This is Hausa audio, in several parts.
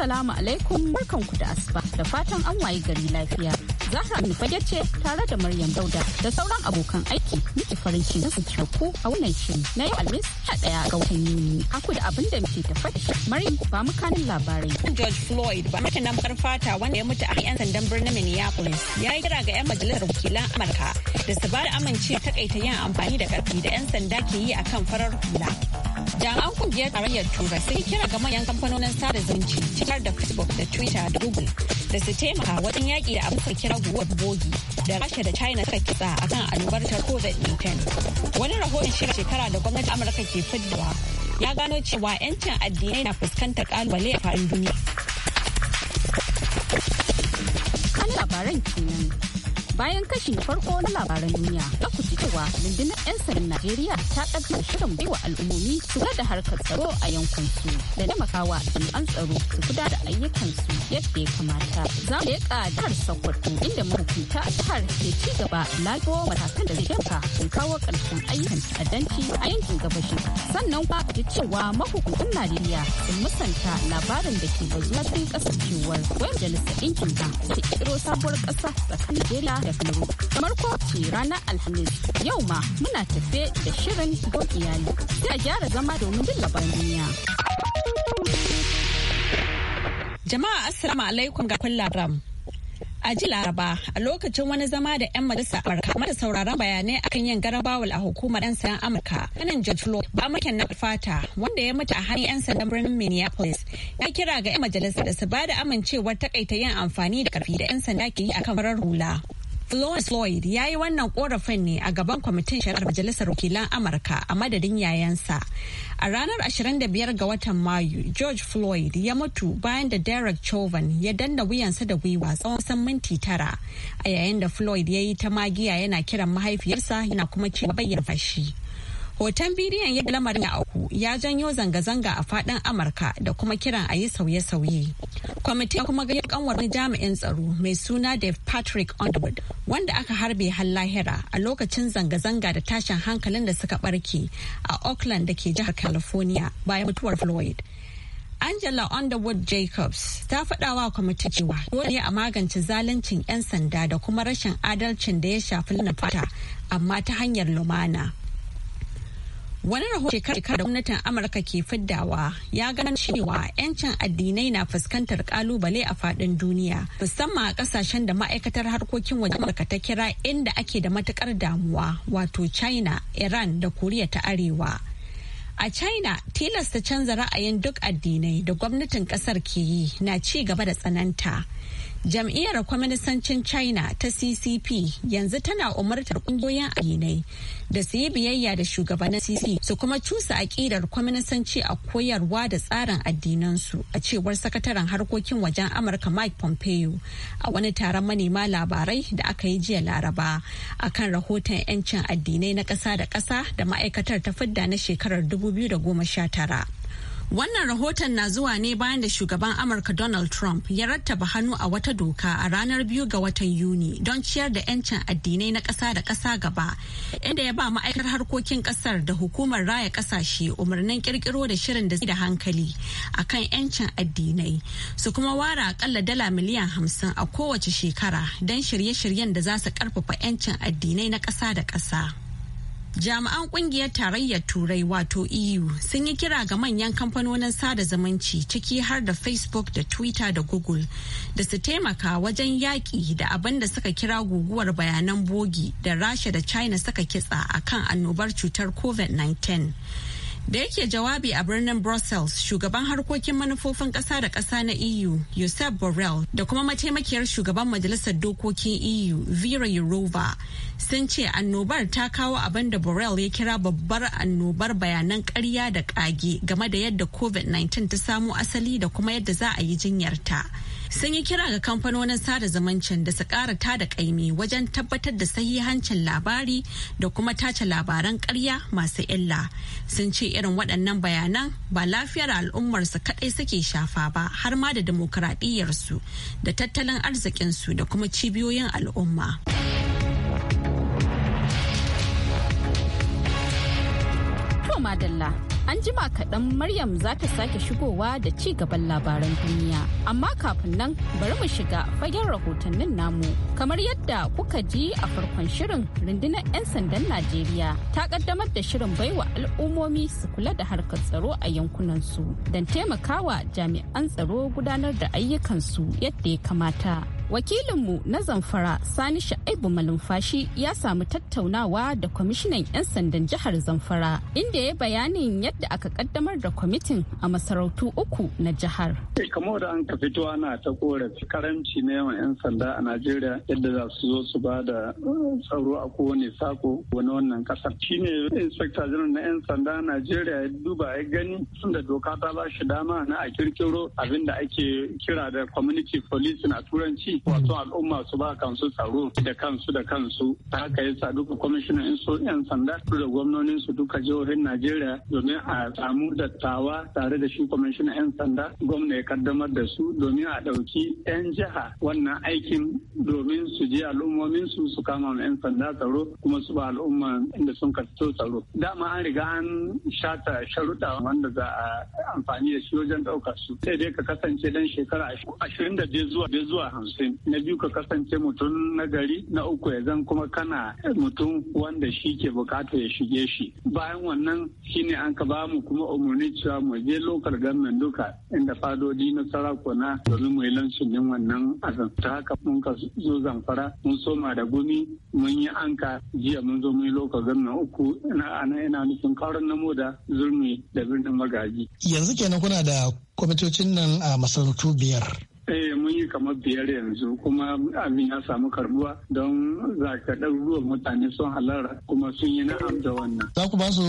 Assalamu alaikum barkanku da asuba da fatan an waye gari lafiya. Zahra fage ce tare da Maryam Dauda da sauran abokan aiki muke farin ciki su tare ku a wannan shi na yau Alhamis daya ga watan Yuni. Aku da abin da muke tafa da Maryam ba mu kanin labarai. George Floyd ba mutum na bakar fata wanda ya mutu a 'yan sandan birnin Minneapolis ya yi kira ga 'yan majalisar wakilan Amurka da su ba da amince takaita yin amfani da karfi da 'yan sanda ke yi a kan farar hula. jami'an kungiyar tarayyar turai sun kira ga manyan kamfanonin sada zumunci cikar da facebook da twitter da google da su taimaka wajen yaƙi da abin kira guguwar bogi da rasha da china suka kitsa akan kan albarkar covid-19 wani rahoton shekara da gwamnatin amurka ke fidda ya gano cewa 'yancin addinai na fuskantar kalubale a faɗin duniya. Kan labaran kenan bayan kashi na farko na labaran duniya za ku cewa rundunar 'yan sandan najeriya ta ɗaga shirin baiwa al'ummomi su da harkar tsaro a yankunsu da taimakawa jami'an tsaro su guda da ayyukansu yadda ya kamata za mu leƙa jihar sokoto inda mahukunta jihar ke ci gaba lago matakan da zai ɗauka sun kawo ƙarshen ayyukan ta'addanci a yankin gabashi sannan kuma ji cewa mahukuntan najeriya sun musanta labarin da ke bazuwa cikin ƙasar cewar wayar majalisar ɗinkin da ta ƙiro sabuwar ƙasa tsakanin jela da Dabiru. Kamar kowace ranar Alhamis yau ma muna tafe da shirin don iyali. Sai a gyara zama domin jin labar duniya. Jama'a Assalamu alaikum ga kun A ji Laraba a lokacin wani zama da 'yan majalisa Amurka kuma da sauraron bayanai akan yin garabawul a hukumar 'yan sayan Amurka. Kanan George Floyd ba makin na fata wanda ya mutu a hannun 'yan sandan birnin Minneapolis. Ya kira ga 'yan majalisa da su ba da amincewar takaita yin amfani da karfi da 'yan sanda ke yi akan farar hula. Florence Floyd ya yi wannan korafin ne a gaban kwamitin shari'ar Majalisar Wakilan Amurka a madadin yayansa. A ranar 25 ga watan Mayu, George Floyd ya mutu bayan da Derek Chauvin ya danna wuyansa da gwiwa tsawon san minti tara. A yayin da Floyd ya yi ta magiya yana kiran mahaifiyarsa yana kuma cewa bayyana fashi. Hoton bidiyon yadda lamarin ya auku ya janyo zanga-zanga a fadin Amurka da kuma kiran a yi sauye-sauye. Kwamitin kuma gani kanwar wani jami'in tsaro mai suna Dave Patrick Underwood wanda aka harbe har lahira a lokacin zanga-zanga da tashin hankalin da suka barke a Oakland da ke jihar California bayan mutuwar Floyd. Angela Underwood Jacobs ta faɗawa kwamiti cewa dole a magance zaluncin 'yan sanda da kuma rashin adalcin da ya shafi fata amma ta hanyar lumana. Wani rahoto shekara da gwamnatin Amurka ke fiddawa ya gano cewa 'yancin addinai na fuskantar kalubale a faɗin duniya musamman a kasashen da ma'aikatar harkokin waje Amurka ta kira inda ake da matukar damuwa wato China, Iran da Koriya ta Arewa. A China tilasta canza ra'ayin duk addinai da gwamnatin ƙasar ke yi na ci gaba da tsananta. Jam'iyyar Kwaminisancin China ta CCP yanzu tana umartar kungiyoyin addinai da su yi biyayya da shugabannin CCP su kuma cusa aƙidar kwaminisanci a koyarwa da tsarin addinansu a cewar sakataren harkokin wajen Amurka Mike Pompeo a wani taron manema labarai da aka yi jiya Laraba akan rahoton 'yancin addinai na ƙasa da ƙasa da ma'aikatar ta fidda na shekarar 2019. Wannan rahoton na zuwa ne bayan da shugaban Amurka Donald Trump ya rattaba hannu a wata doka a ranar biyu ga watan Yuni don ciyar da 'yancin addinai na ƙasa da ƙasa gaba, inda ya ba ma'aikatar harkokin ƙasar da hukumar raya ƙasashe umarnin ƙirƙiro da shirin da da hankali a kan 'yancin addinai su kuma wara akalla dala miliyan hamsin a kowace shekara don shirye-shiryen da za su ƙarfafa 'yancin addinai na ƙasa da ƙasa. Jami'an kungiyar tarayyar Turai wato EU sun yi kira ga manyan kamfanonin sada zumunci ciki har da Facebook da Twitter da Google da su taimaka wajen yaƙi da abin da suka kira guguwar bayanan bogi da Rasha da China suka kitsa a kan annobar cutar COVID-19. Da yake jawabi a birnin Brussels, shugaban harkokin manufofin ƙasa da ƙasa na EU, Josep Borrell, da kuma mataimakiyar shugaban Majalisar Dokokin EU, Vera Yurova, sun ce annobar ta kawo abin da Borrell ya kira babbar annobar bayanan karya da ƙage game da yadda COVID-19 ta samo asali da kuma yadda za a yi jinyarta. Sun yi kira ga kamfanonin sada zumuncin da su ƙara ta da ƙaimi wajen tabbatar da sahihancin labari da kuma tace labaran karya masu illa. Sun ce irin waɗannan bayanan ba lafiyar al'ummarsu kaɗai suke shafa ba har ma da su da tattalin arzikinsu da kuma cibiyoyin al'umma. madalla. An jima kaɗan Maryam za ta sake shigowa da ci gaban labaran duniya. Amma kafin nan bari mu shiga fagen rahotannin namu. Kamar yadda kuka ji a farkon shirin rundunar 'yan sandan Najeriya ta kaddamar da shirin baiwa al'ummomi su kula da harkar tsaro a yankunansu don taimakawa jami'an tsaro gudanar da ayyukansu yadda ya kamata. wakilinmu na zamfara sani sha'ibu malumfashi ya samu tattaunawa da kwamishinan 'yan sandan jihar zamfara inda ya bayanin yadda aka kaddamar da kwamitin a masarautu uku na jihar eh, kamar da an ka fito ana ta korafi karanci na yawan 'yan sanda a najeriya yadda za su zo su ba da uh, tsaro a kowane sako wani wannan kasar shine inspector general na 'yan sanda a najeriya ya duba ya gani da doka ta ba shi dama na a kirkiro abinda ake kira da community policing a turanci yi wato al'umma su ba kansu tsaro da kansu da kansu ta haka yasa duka kwamishinan in so yan sanda da gwamnonin su duka jihohin Najeriya domin a samu dattawa tare da shi kwamishinan yan sanda gwamna ya kaddamar da su domin a ɗauki yan jiha wannan aikin domin su je al'ummomin su su kama ma yan sanda tsaro kuma su ba al'umma inda sun kasto tsaro dama an riga an shata sharuɗa wanda za a amfani da shi wajen ɗaukar su sai dai ka kasance dan shekara ashirin da biyar zuwa biyar zuwa hamsin na biyu ka kasance mutum na gari na uku ya zan kuma kana mutum wanda shi ke bukata ya shige shi bayan wannan shine an ka bamu kuma umarni cewa mu je lokal gamin duka inda fadodi na sarakuna domin mu yi lancin wannan azan ta haka mun ka zo zamfara mun soma da gumi mun yi anka jiya mun zo mun yi lokal gamin uku ina ana ina nufin kauran namo da zurmi da birnin magaji yanzu kenan kuna da kwamitocin nan a masarautu biyar Eh mun yi kamar biyar yanzu kuma abin ya samu karbuwa don zaka ɗaruruwan mutane sun halara kuma sun yi na'am da wannan. Za ku ba su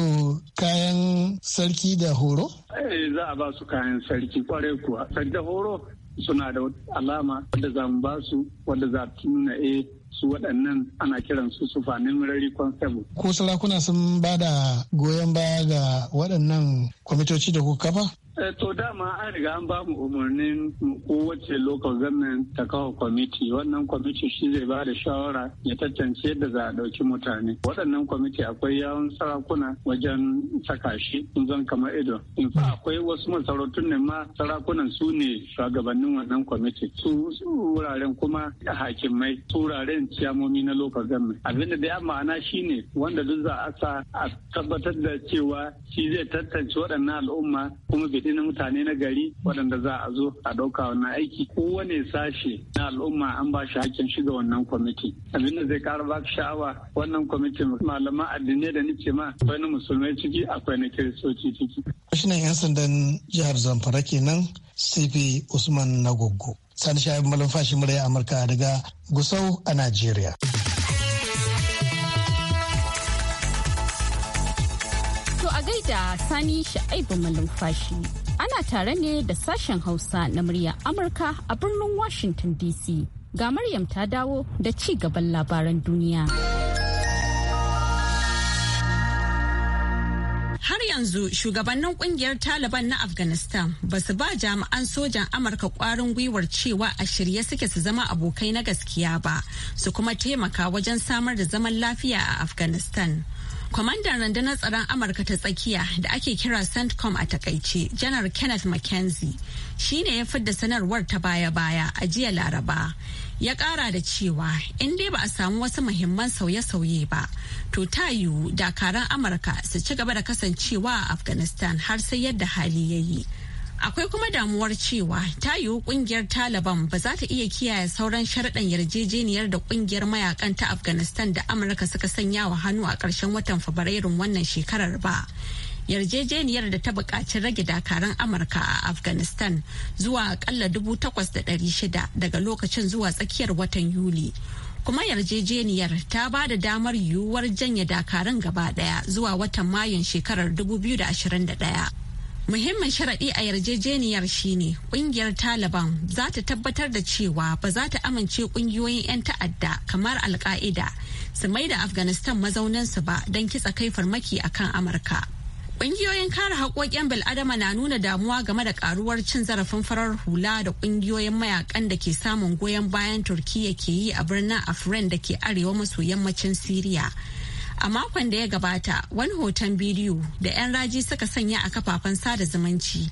kayan sarki da horo? Eh za a ba su kayan sarki kwarai kuwa. Sarki da horo suna da alama wadda za mu ba su wadda za ta nuna eh su waɗannan ana kiran su fanin rari constable. Ko sarakuna sun ba da goyon baya ga waɗannan kwamitoci da kuka kafa? Eh, to dama an riga an ba mu umarnin kowace local government ta kawo kwamiti wannan kwamiti shi zai ba da shawara ya tantance yadda za a dauki mutane waɗannan kwamiti akwai yawon sarakuna wajen saka shi sun zan kamar ido in fa akwai wasu masarautun ne ma sarakunan su ne shugabannin wannan kwamiti su wuraren kuma hakimai su wuraren ciyamomi na local government abinda da ya ma'ana shine wanda duk za a sa a tabbatar da cewa shi zai tantance waɗannan al'umma kuma bai Ina na mutane na gari waɗanda za a zo a ɗauka wannan aiki kowane sashe na al'umma an ba shi hakkin shiga wannan kwamiti abin da zai ƙara ba sha'awa wannan kwamitin malaman addinai da nake ma akwai na musulmai ciki akwai na kiristoci ciki. Shinan 'yan sandan jihar Zamfara kenan CP Usman Nagogo. Sani Shahib Malamfashi Murai Amurka daga Gusau a Najeriya. da Sani sha'aibu Malumfashi. Ana tare ne da sashen Hausa na murya Amurka a birnin Washington DC. Ga Maryam ta dawo da ci gaban labaran duniya. Har yanzu shugabannin kungiyar Taliban na Afghanistan ba su ba jami'an sojan Amurka kwarin gwiwar cewa a shirye suke su zama abokai na gaskiya ba, su kuma taimaka wajen samar da zaman lafiya a Afghanistan. Kwamandan rundunar tsaron Amurka ta tsakiya da ake kira CENTCOM a takaice, Janar Kenneth McKenzie, shi ne ya fidda sanarwar ta baya-baya a jiya Laraba. Ya ƙara da cewa in dai ba a samu wasu muhimman sauye-sauye ba, to ta yiwu dakaran Amurka su ci gaba da kasancewa a Afghanistan har sai yadda hali ya yi. akwai kuma damuwar cewa ta yiwu kungiyar taliban ba za ta iya kiyaye sauran sharaɗan yarjejeniyar da kungiyar mayakan ta afghanistan da amurka suka sanya wa hannu a ƙarshen watan fabrairun wannan shekarar ba yarjejeniyar da ta buƙaci rage dakarun amurka a afghanistan zuwa akalla shida daga lokacin zuwa tsakiyar watan yuli kuma yarjejeniyar ta ba da damar yiwuwar janye dakarun gaba ɗaya zuwa watan mayun shekarar dubu biyu da da ashirin ɗaya. Muhimmin sharaɗi a yarjejeniyar shine ƙungiyar Taliban za ta tabbatar da cewa ba za ta amince ƙungiyoyin 'yan ta'adda kamar Alka'ida su mai da Afghanistan mazauninsu ba don kitsa kai farmaki a kan Amurka. Ƙungiyoyin kare haƙoƙin bil'adama na nuna damuwa game da ƙaruwar cin zarafin farar hula da ƙungiyoyin mayakan da ke samun goyon bayan Turkiyya ke yi a birnin Afrin da ke arewa maso yammacin Siriya. A makon da ya gabata wani hoton bidiyo da 'yan raji suka sanya a kafafen sada zumunci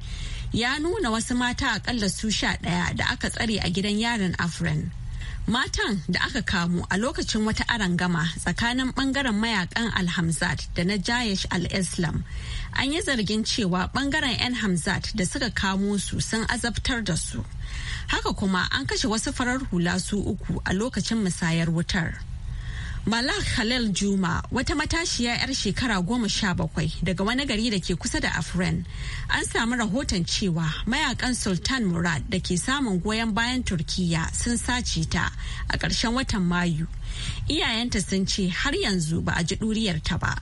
ya nuna wasu mata akalla su sha ɗaya da aka tsare a gidan yaron Afren. Matan da aka kamu a lokacin wata arangama tsakanin bangaren mayakan al da na Jayesh Al-Islam an yi zargin cewa bangaren 'yan Hamzat da suka kamo su sun azabtar da su. Haka kuma an kashe wasu farar hula su uku a lokacin musayar wutar. Malak Khalil Juma wata matashiya 'yar shekara goma sha bakwai daga wani gari da ke kusa da Afren. An samu rahoton cewa mayakan Sultan Murad da ke samun goyon bayan Turkiyya sun sace ta a ƙarshen watan Mayu. Iyayenta sun ce har yanzu ba a ji ɗuriyarta ba.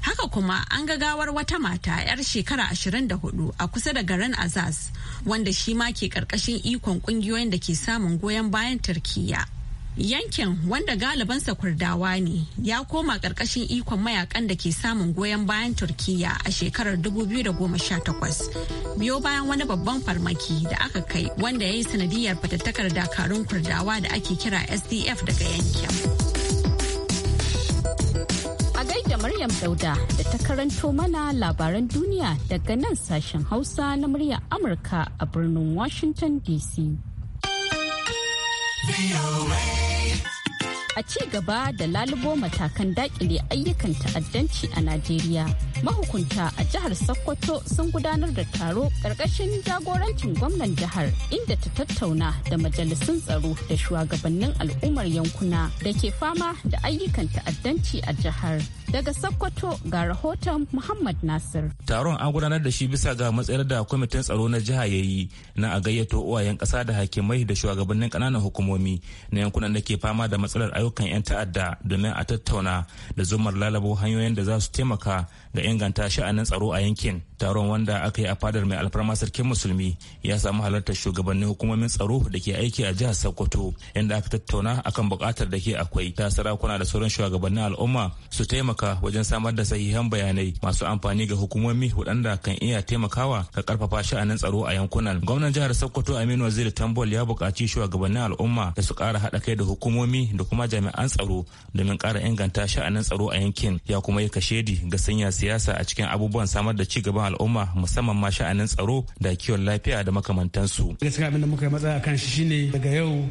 Haka kuma an ga gawar wata mata 'yar shekara 24 a kusa da garin Azaz wanda shi ma ke ƙarƙashin ikon ƙungiyoyin da ke samun goyon bayan Turkiyya. Yankin wanda galibansa kurdawa ne ya koma ƙarƙashin ikon mayakan da ke samun goyon bayan Turkiyya a shekarar 2018 biyo bayan wani babban farmaki da aka kai wanda ya yi sanadiyar fatattakar dakarun kurdawa da ake kira SDF daga yankin. a gaida Maryam Dauda da ta karanto mana labaran duniya daga nan sashen Hausa na muryar Amurka a birnin Washington DC. a ci gaba da lalubo matakan dakile ayyukan ta'addanci a Najeriya. Mahukunta a jihar Sokoto sun gudanar da taro ƙarƙashin jagorancin gwamnan jihar inda ta tattauna da majalisun tsaro da shugabannin al'ummar yankuna da ke fama da ayyukan ta'addanci a jihar. Daga Sokoto ga rahoton Muhammad Nasir. Taron an gudanar da shi bisa ga matsayar da kwamitin tsaro na jiha ya yi na a gayyato uwayen ƙasa da hakimai da shugabannin ƙananan hukumomi na yankunan da ke fama da matsalar ayyukan 'yan ta'adda domin a tattauna da zumar lalabo hanyoyin da za su taimaka ga inganta sha'anin tsaro a yankin. taron wanda aka yi a fadar mai alfarma sarkin musulmi ya samu halartar shugabannin hukumomin tsaro da ke aiki a jihar sokoto inda aka tattauna akan buƙatar da ke akwai ta sarakuna da sauran shugabannin al'umma su taimaka wajen samar da sahihan bayanai masu amfani ga hukumomi waɗanda kan iya taimakawa ka karfafa sha'anin tsaro a yankunan gwamnan jihar sokoto aminu waziri tambol ya buƙaci shugabannin al'umma da su ƙara haɗa kai da hukumomi da kuma jami'an tsaro domin ƙara inganta sha'anin tsaro a yankin ya kuma yi kashedi ga sanya siyasa a cikin abubuwan samar da ci gaba al'umma musamman ma sha'anin tsaro da kiwon lafiya da makamantansu. Gaskiya abin da muka yi matsaya kan shi shine daga yau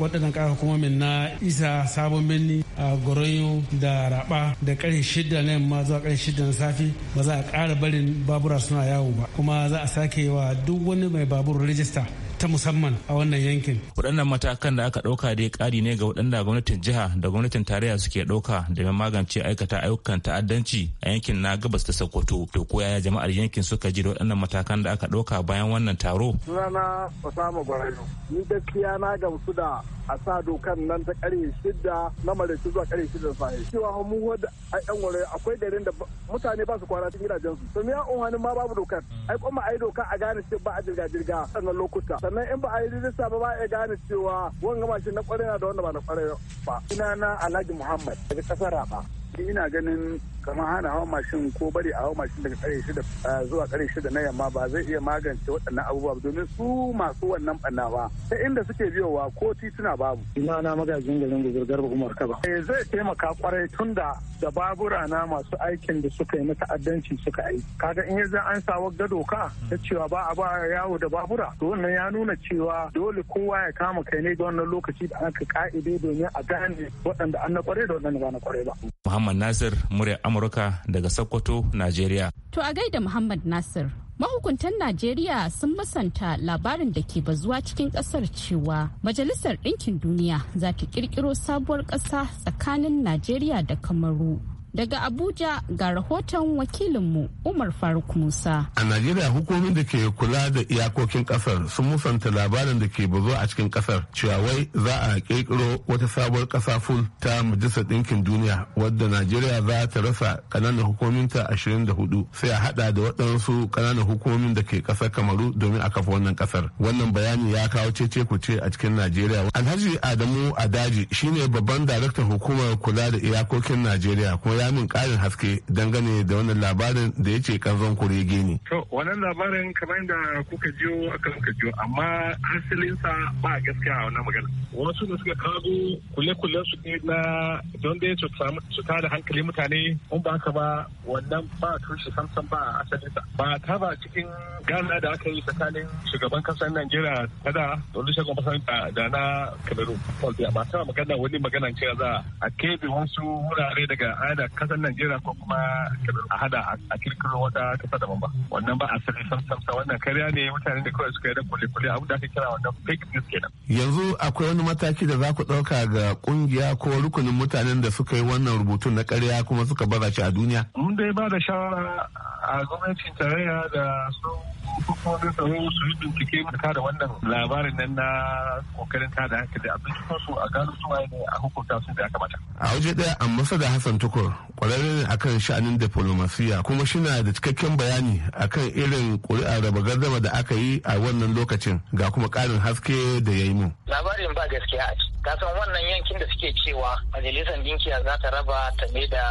waɗannan ƙara hukumomin na isa sabon birni a goronyo da raba da ƙarfe shida na yamma zuwa ƙarfe shida na safe ba za a ƙara barin babura suna yawo ba kuma za a sake wa duk wani mai babur rijista ta musamman a wannan yankin. Waɗannan matakan da aka ɗauka dai ƙari ne ga waɗanda gwamnatin jiha da gwamnatin tarayya suke ɗauka domin magance aikata ayyukan ta'addanci a yankin na gabas ta Sokoto. To ko yaya jama'ar yankin suka ji da waɗannan matakan da aka ɗauka bayan wannan taro? Sunana Osama Gwarayo. Ni gaskiya na gamsu da a sa dokan nan ta ƙarfe shida na maraice zuwa ƙarfe shida da safe. Cewa mu wadda a ƴan wuri akwai garin da mutane ba su kwana cikin gidajensu. To me ya unhanin ma babu dokar. Ai kuma ai doka a gane ce ba a jirga-jirga sannan lokuta. sannan in ba a yi rijista ba ba a gane cewa wanga mashin na kwarai na da wanda ba na kwarai ba. na Alhaji Muhammad daga kasar Raba. ina ganin kamar hana hawa mashin ko bari a hawa mashin daga kare shida zuwa kare shida na yamma ba zai iya magance waɗannan abubuwa domin su masu wannan ba. ta inda suke biyowa ko tituna babu. ina na magajin garin guzur garba umar kaba. Eh, zai taimaka kwarai tun da da babura na masu aikin da suka yi na ta'addanci suka yi. kaga in yanzu an sawa gado ka ta cewa ba a ba yawo da babura to wannan ya nuna cewa dole kowa ya kama kai ne da wannan lokaci da aka ka'ide domin a gane waɗanda an na kware da waɗanda ba na kware ba. Muhammad Nasir murya Amurka daga Sokoto, Najeriya. To a gaida Muhammad Nasir. Mahukuntan Najeriya sun musanta labarin da ke bazuwa cikin kasar cewa Majalisar Ɗinkin Duniya za ta ƙirƙiro sabuwar ƙasa tsakanin Najeriya da Kamaru. Daga Abuja ga rahoton wakilinmu Umar Faruk Musa. A Najeriya hukumomin da ke kula da iyakokin kasar sun musanta labarin da ke bazo a cikin kasar cewa wai za a kirkiro wata sabuwar kasa full ta Majalisar Ɗinkin Duniya wadda Najeriya za ta rasa kananan da hudu sai a hada da waɗansu ƙananan hukumomin da ke kasar Kamaru domin a kafa wannan kasar. Wannan bayani ya kawo cece ce a cikin Najeriya. Alhaji Adamu Adaji shine babban daraktan hukumar kula da iyakokin Najeriya kuma ya min karin haske dangane da wannan labarin da ya ce kanzon kurege ne. To wannan labarin kamar da kuka jiyo aka kuka jiyo amma sa ba a gaskiya a wannan magana. Wasu da suka kago kule-kule su ne na don da ya su da hankali mutane in ba ka ba wannan ba tushe samsam ba a asalinsa. Ba ta ba cikin gana da aka yi tsakanin shugaban kasar Najeriya ta da Olusegun Obasanjo da na Cameroon. Ba ta magana wani magana cewa za a kebe wasu wurare daga ana kasar Najeriya ko kuma a hada a kirkiro wata kasa daban ba wannan ba asali sam sam wannan karya ne mutane da kawai suka yi da kule kule abu da ake kira wannan fake news kenan yanzu akwai wani mataki da za ku ɗauka ga ƙungiya ko rukunin mutanen da suka yi wannan rubutun na karya kuma suka baza shi a duniya mun dai ba da shawara a gwamnatin tarayya da su hukumomin tsaro su yi ta da wannan labarin nan na kokarin ta da hankali a su a gano su ne a hukunta su da kamata. A waje daya masa da Hassan Tukur kwararre ne akan sha'anin diplomasiya kuma shi na da cikakken bayani akan irin kuri'a raba gardama da aka yi a wannan lokacin ga kuma ƙarin haske da ya yi mu. Labarin ba gaskiya a kasan wannan yankin da suke cewa majalisar dinkiya za ta raba ta ne da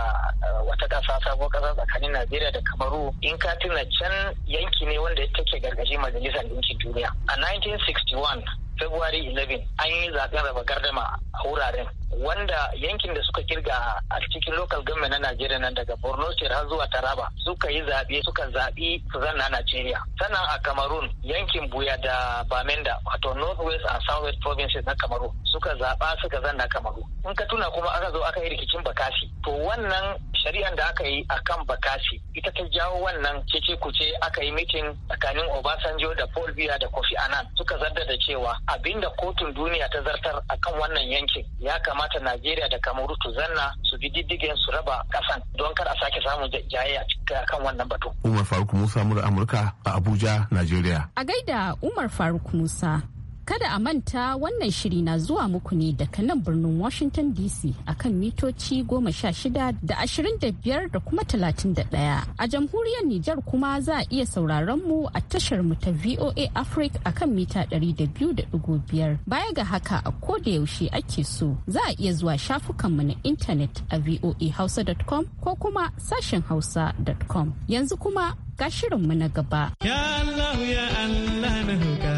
eh, wata ƙasa sabuwar ƙasa tsakanin Najeriya da Kamaru in ka tuna can yanki ne wanda ya take gargashin majalisar ɗinkin duniya. A 1961 February 11 an yi zaben raba gardama a wuraren wanda yankin da suka kirga a cikin local government na Najeriya nan daga Borno State har zuwa Taraba suka yi zaɓe suka zaɓi su zanna Najeriya. Sannan a Cameroon yankin Buya da Bamenda wato Northwest and Southwest provinces na Cameroon suka zaba suka zanna Cameroon. In ka tuna kuma aka zo aka yi rikicin bakashi. to wannan shari'an da aka yi akan bakashi, ita ta jawo wannan cece kuce aka yi mitin tsakanin Obasanjo da Paul Biya da Kofi Annan suka zarda da cewa abinda kotun duniya ta zartar akan wannan yankin ya kama. kamata Najeriya da Kamaru su zanna su bi diddigen su raba kasan don kar a sake samun jayayya kan wannan batu. Umar Faruk Musa mura Amurka a Abuja, Najeriya. A gaida Umar Faruk Musa. Kada a manta wannan shiri na zuwa muku ne daga nan birnin Washington DC a kan mitoci goma sha shida da ashirin da biyar da kuma talatin da ɗaya. A jamhuriyar Nijar kuma za a iya sauraron mu a tashar mu ta VOA Africa akan mita ɗari da biyu da ɗigo biyar. Baya ga haka a ko da yaushe ake so za a iya zuwa shafukan mu na intanet a voahausa.com ko kuma sashen hausa.com. Yanzu kuma ga shirin mu na gaba. Ya Allah ya Allah na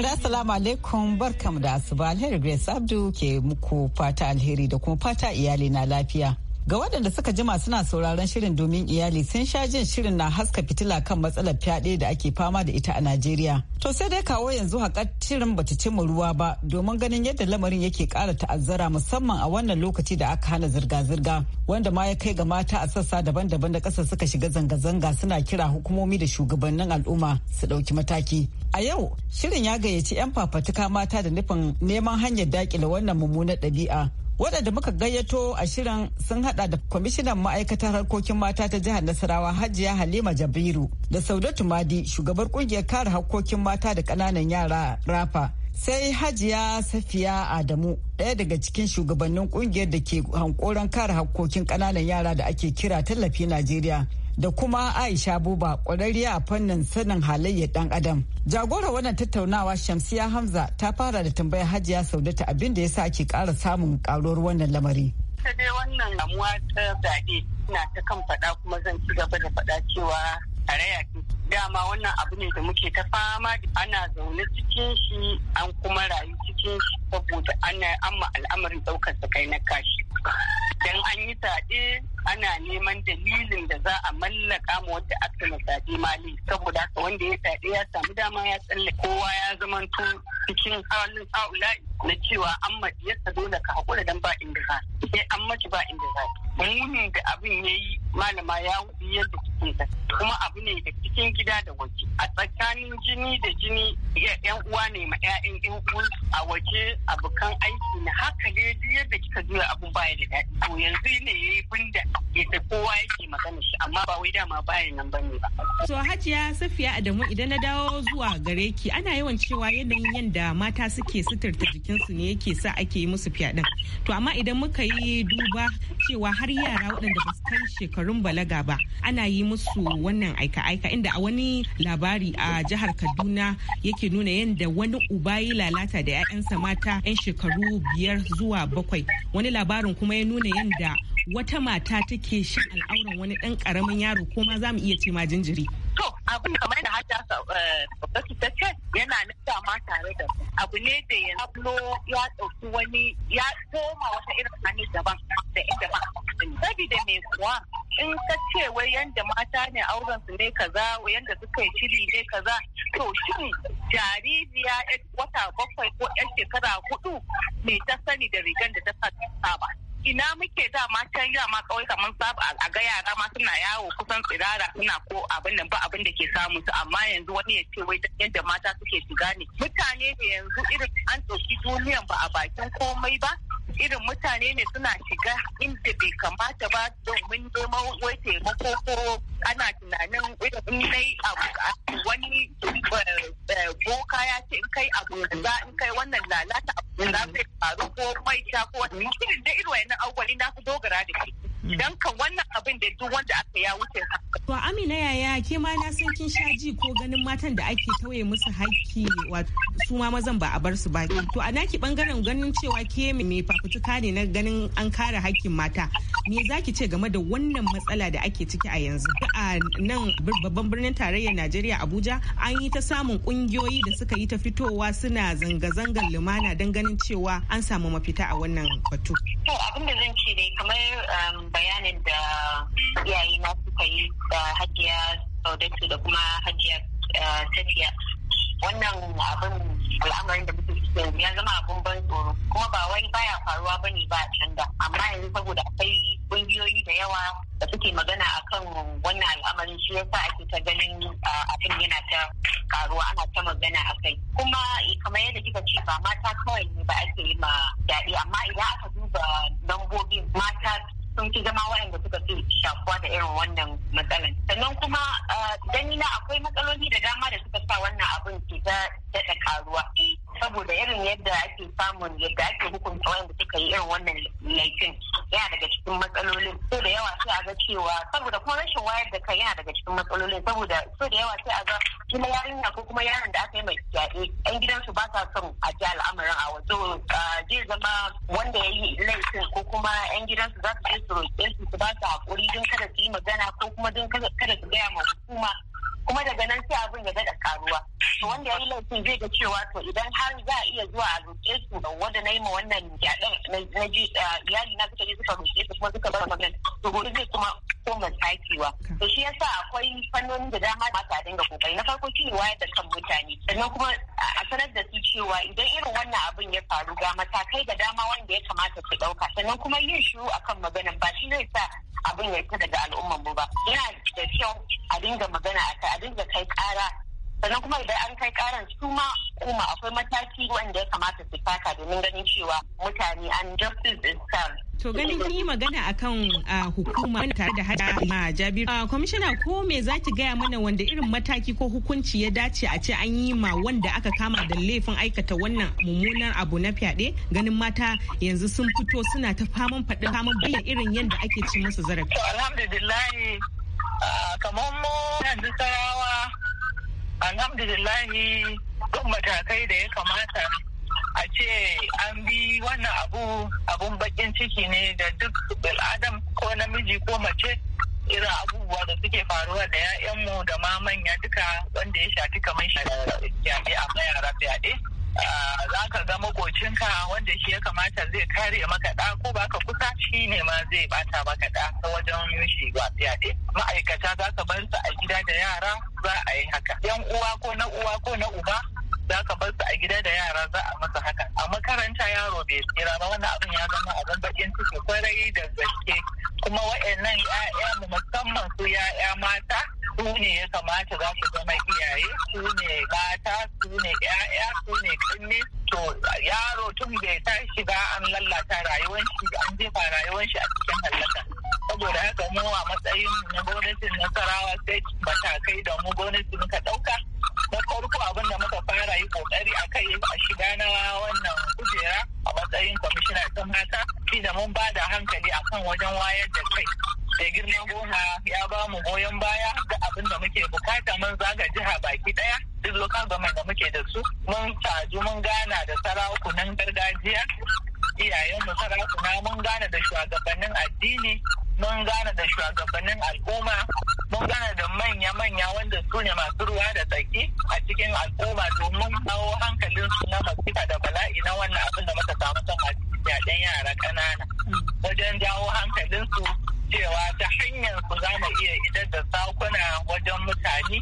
saurari assalamu alaikum barkamu da asuba alheri grace abdu ke muku fata alheri da kuma fata iyali na lafiya Ga waɗanda suka jima suna sauraron shirin domin iyali sun sha jin shirin na haska fitila kan matsalar fyaɗe da ake fama da ita a Najeriya. To sai dai kawo yanzu haƙar shirin bata cimma ruwa ba domin ganin yadda lamarin yake ƙara ta'azzara musamman a wannan lokaci da aka hana zirga-zirga wanda ma ya kai ga mata a sassa daban-daban da ƙasa suka shiga zanga-zanga suna kira hukumomi da shugabannin al'umma su ɗauki mataki. A yau shirin ya gayyaci 'yan fafatuka mata da nufin neman hanyar daƙile wannan mummunar ɗabi'a. waɗanda muka gayyato a shirin sun hada da kwamishinan ma'aikatar harkokin mata ta jihar nasarawa hajiya halima jabiru da saudatu madi shugabar kungiyar kare harkokin mata da ƙananan yara rafa sai hajiya safiya adamu ɗaya daga cikin shugabannin kungiyar da ke hankoron kare harkokin ƙananan yara da ake kira tallafi najeriya da kuma Aisha Buba kwararriya a fannin sanin halayyar dan adam. Jagora wannan tattaunawa Shamsiya Hamza ta fara da tambayar Hajiya ta abin da sa ake ƙara samun karuwar wannan lamari. Ita dai wannan damuwa ta zaɓe na ta kan faɗa kuma zan ci gaba da faɗa cewa karaya ce. Dama wannan abu ne da muke ta fama ana zaune cikin shi an kuma rayu cikin shi saboda ana amma al'amarin ɗaukar sa kai na kashi. dan an yi saɗe ana neman dalilin da za a mallaka ma wata aka yi mali saboda haka wanda ya saɗe ya samu dama ya tsalle kowa ya zamanto cikin halin aula na cewa an maɗiyarsa dole ka haƙura dan ba inda za sai an mace ba inda za munin da abin ya yi malama ya wuce yadda kuke ta kuma abu ne da cikin gida da waje a tsakanin jini da jini yan uwa ne ma ƴaƴan yan uwa a waje abokan aiki na haka ne yadda kika juya abu baya da daɗi to yanzu ne ya yi binda yadda kowa yake magana shi amma ba wai dama baya nan ba ne ba. to hajiya safiya adamu idan na dawo zuwa gare ki ana yawan cewa yanayin yadda mata suke suturta jikinsu ne yake sa ake yi musu fyaɗen to amma idan muka yi duba cewa har yara waɗanda ba su kai shekarun balaga ba ana yi musu wannan aika-aika inda a wani labari a jihar kaduna yake nuna yadda wani uba ya lalata da 'ya'yansa mata 'yan shekaru biyar zuwa bakwai wani labarin kuma ya nuna yadda wata mata take shan al'auran wani ɗan ƙaramin yaro ko ma za mu iya ce ma jinjiri To abin kamar da hajja su eh, ta ce yana nufa ma tare da abu ne da ya hablo ya ɗauki wani ya koma wata irin hannun daban da inda ba. Sabida mai kuwa in ka ce wai yanda mata ne auren su ne kaza yanda suka yi shiri ne kaza to shin jaririya wata bakwai ko 'yan shekara hudu mai ta sani da rigan da ta ba. ina muke da ma can da ma kawai kamar sabu a ga yara ma suna yawo kusan tsirara suna ko abin nan ba abin da ke samu su amma yanzu wani ya ce wai yadda mata suke shiga ne mutane da yanzu irin an ɗauki duniyan ba a bakin komai ba irin mutane ne suna shiga inda bai kamata ba domin neman wai taimako ko ana tunanin irin dai abu wani eh, eh, boka ya ce in kai abu za in kai wannan lalata abu za zai faru ko mai ta ko wani irin da irin wayannan na fi dogara da shi Idan ka wannan abin da duk wanda aka ya wuce To Amina yaya ke ma na san kin sha ji ko ganin matan da ake tauye musu haƙƙi wato su ma mazan ba a bar su ba. To a naki bangaren ganin cewa ke mai fafutuka ne na ganin an kare haƙƙin mata. Me zaki ce game da wannan matsala da ake ciki a yanzu? A nan babban birnin tarayyar Najeriya Abuja an yi ta samun kungiyoyi da suka yi ta fitowa suna zanga-zangar lumana don ganin cewa an samu mafita a wannan batu. To abin da zan ce ne kamar um, bayanin da iyaye na suka yi da hajiya saudatu da kuma hajiya tafiya eh, wannan abin al'amarin da muke cikin ya zama abin ban tsoro kuma ba wai baya faruwa ba ne ba a can amma yanzu saboda akwai ƙungiyoyi da yawa da suke magana a kan wannan al'amarin shi yasa ake ta ganin a eh, abin yana ta karuwa ana ta magana a kai kuma kamar yadda kika ce ba mata kawai ne ba ake yi ma daɗi amma idan aka duba lambobin mata sun fi zama waɗanda suka fi shafuwa da irin wannan matsalan. Sannan kuma gani na akwai matsaloli da dama da suka sa wannan abin ke ta daɗa karuwa. Saboda irin yadda ake samun yadda ake hukunta waɗanda suka yi irin wannan laifin yana daga cikin matsalolin. So da yawa sai a ga cewa saboda kuma rashin wayar da kai yana daga cikin matsalolin saboda so da yawa sai a ga kila yarinya ko kuma yaron da aka yi mai fyaɗe yan gidansu ba sa son a ji al'amarin a wato zai zama wanda ya yi laifin ko kuma yan gidansu za su je su roƙe su su ba su haƙuri don kada su yi magana ko kuma don kada su gaya ma hukuma kuma daga nan sai abin ya daɗa karuwa to wanda ya yi laifin zai ga cewa to idan har za a iya zuwa a roƙe su wanda na yi ma wannan yaɗin na ji iyali na suka yi suka roƙe su kuma suka bar magana to gobe zai kuma koma sakewa to shi yasa akwai fannoni da dama da mata dinga kokari na farko shi ne wayar da kan mutane sannan kuma a sanar da su cewa idan irin wannan abin ya faru ga matakai da dama wanda ya kamata su ɗauka sannan kuma yin shiru akan maganan ba shi zai sa abin ya fita daga al'ummar mu ba Ina da kyau a dinga magana a dinga kai kara sannan kuma idan an kai ƙaran su ma kuma akwai mataki wanda ya kamata su taka domin ganin cewa mutane an justice is served To ganin kun yi magana akan hukuma tare da hada ma jabi. Kwamishina ko me za ki gaya mana wanda irin mataki ko hukunci ya dace a ce an yi ma wanda aka kama da laifin aikata wannan mummunan abu na fyaɗe ganin mata yanzu sun fito suna ta faman faɗin faman bayan irin yadda ake ci musu zarafi. To alhamdulillahi Ah, kamar mu yanzu sarawa alhamdulillahi duk matakai da ya kamata a ce an bi wannan abu abun bakin ciki ne da duk bil'adam ko namiji ko mace irin abubuwa da suke faruwa da 'ya'yanmu da ma manya duka wanda ya shafi kamar shafi a yara fyaɗe Ah, za ka ga makocinka wanda shi ya kamata zai kare maka ɗa ko baka kusa shi ne ma zai bata maka ɗa ta wajen yin shi ba fyaɗe ma'aikata za ka bar su a gida da yara za a yi haka yan uwa ko na uwa ko na uba za ka bar su a gida da yara za a masa haka a makaranta yaro bai tsira ba wannan abin ya zama abin bakin ciki kwarai da gaske kuma wa'annan 'ya'ya musamman su 'ya'ya mata su ne ya kamata za su zama iyaye su ne mata su ne 'ya'ya su ne kanne to yaro tun bai tashi ba an lallata rayuwar shi an jefa rayuwar shi a cikin hallaka saboda haka mu a matsayin na gwamnatin nasarawa sai matakai da mu gwamnati muka ɗauka na farko abin da fara yi kokari a kai a shiga na wannan kujera a matsayin kwamishina ta mata shi da mun ba da hankali akan wajen wayar da kai da girman goma ya ba mu goyon baya da abin da muke bukata mun zaga jiha baki daya duk lokal government da muke da su mun taju mun gana da sarakunan gargajiya iyayen mu sarakuna mun gana da shugabannin addini mun gana da shugabannin al'umma mun gana da manya-manya wanda su ne masu ruwa da tsaki a cikin al'umma domin kawo hankalin su na masifa da bala'i na wannan abin da muka samu kan yaɗen yara ƙanana wajen jawo hankalin su cewa ta hanyar su za mu iya idar da sakuna wajen mutane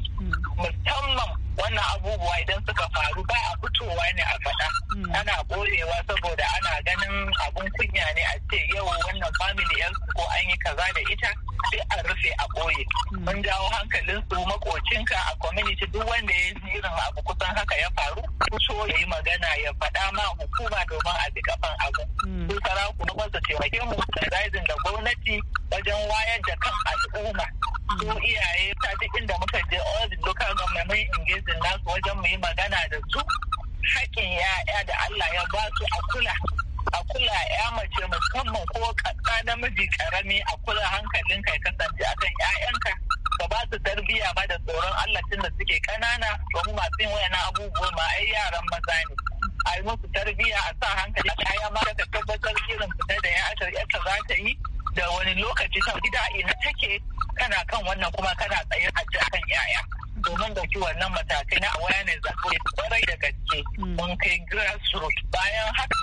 musamman wannan abubuwa idan suka faru ba a fitowa ne a faɗa hmm. ana ɓorewa saboda ana ganin abun kunya ne a ce yau wannan family yan ko an yi kaza da ita sai a rufe a ɓoye hmm. mun jawo hankalin su makocinka a community duk wanda ya yi irin abu kusan haka ya faru so ya yi magana ya faɗa ma hukuma domin a bi kafan abu hmm. su sarakuna ba su taimake mu da da gwamnati wajen wayar da kan al'umma su iyaye ta duk inda muka je all the local government mun engage nasu wajen mu yi magana da su haƙƙin ya'ya da Allah ya ba su a kula a kula ya mace musamman ko kasa namiji karami a kula hankalin ka ya kasance akan yayanka ka ba su tarbiyya ba da tsoron Allah tun da suke kanana domin masu yin wayannan abubuwan ma ai yaran maza ne a yi musu tarbiyya a sa hankali ƴaƴa ma ka tabbatar irin fita da ya aka za ta yi da wani lokaci ta gida ina take kana kan wannan kuma kana tsaye a akan yaya domin dauki wannan matakai na awareness da kwarai da gaske hmm. mun kai grassroots bayan haka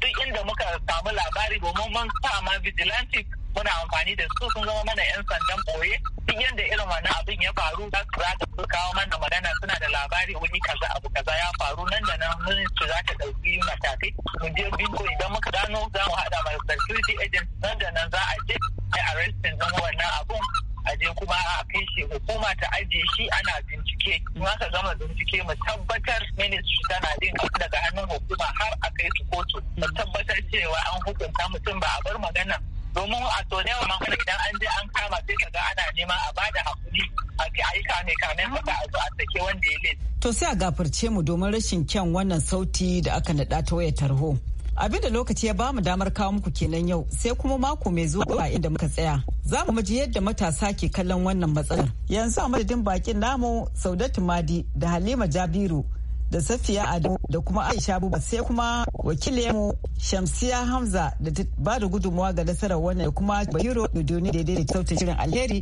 duk inda muka samu labari domin mun sa ma vigilante muna amfani da su sun zama mana yan sandan boye duk yadda irin wannan abin ya faru za su za su kawo mana magana suna da labari wani kaza abu kaza ya faru nan da nan mun su za ta ɗauki matakai mu je bingo idan muka gano za mu haɗa mai security agent nan da nan za a je a arrestin zama wannan abun aje kuma a kai shi hukuma ta ajiye shi ana bincike in aka gama bincike mu tabbatar ministry tana bin abu daga hannun hukuma har a kai su kotu mu tabbatar cewa an hukunta mutum ba a bar magana domin a so wa yawan idan an je an kama sai ka ga ana nema a bada hakuri a ke a yi kame kame ba a zo a sake wanda ya laifi. to sai a gafarce mu domin rashin kyan wannan sauti da aka naɗa ta wayar tarho. abin da lokaci ya bamu damar kawo muku kenan yau sai kuma mako mai zuwa inda muka tsaya za mu ji yadda matasa ke kallon wannan matsalar yanzu a madadin bakin namu saudatu madi da halima jabiru da safiya adamu da kuma aisha ba sai kuma wakilinmu shamsiya hamza da ta ba da gudunmuwa ga nasarar wannan da kuma da duniya daidai da sautin shirin alheri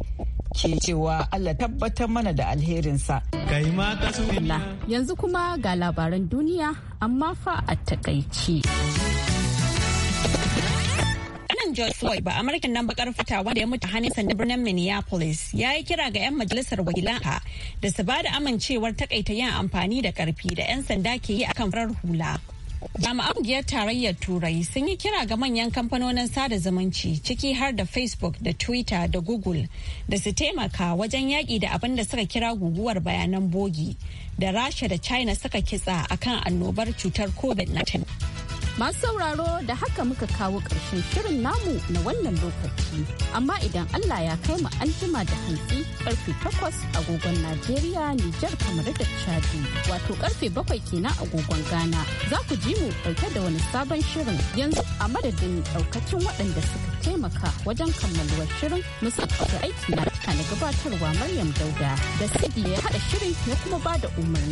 ke cewa allah tabbatar mana da alherinsa yanzu kuma ga labaran duniya amma fa a takaici. George Floyd ba Amurkin nan bakar fita wanda ya mutu hannun sanda birnin Minneapolis ya yi kira ga 'yan majalisar wakilanka da su ba da amincewar takaita yin amfani da karfi da 'yan sanda ke yi akan farar hula. Jami'an ƙungiyar tarayyar Turai sun yi kira ga manyan kamfanonin sada zumunci ciki har da Facebook da Twitter da Google da su taimaka wajen yaƙi da abin da suka kira guguwar bayanan bogi da Rasha da China suka kitsa akan annobar cutar COVID-19. Masu sauraro da haka muka kawo ƙarshen shirin namu na wannan lokaci. Amma idan Allah ya kai mu an jima da hantsi karfe takwas agogon Najeriya, Nijar, kamar da Chadi. Wato ƙarfe bakwai kenan agogon Ghana. Za ku ji mu ɗauke da wani sabon shirin yanzu a madadin ɗaukacin waɗanda suka taimaka wajen kammaluwar shirin musamman da aiki na na gabatarwa Maryam Dauda da Sidi ya haɗa shirin ya kuma ba da umarni.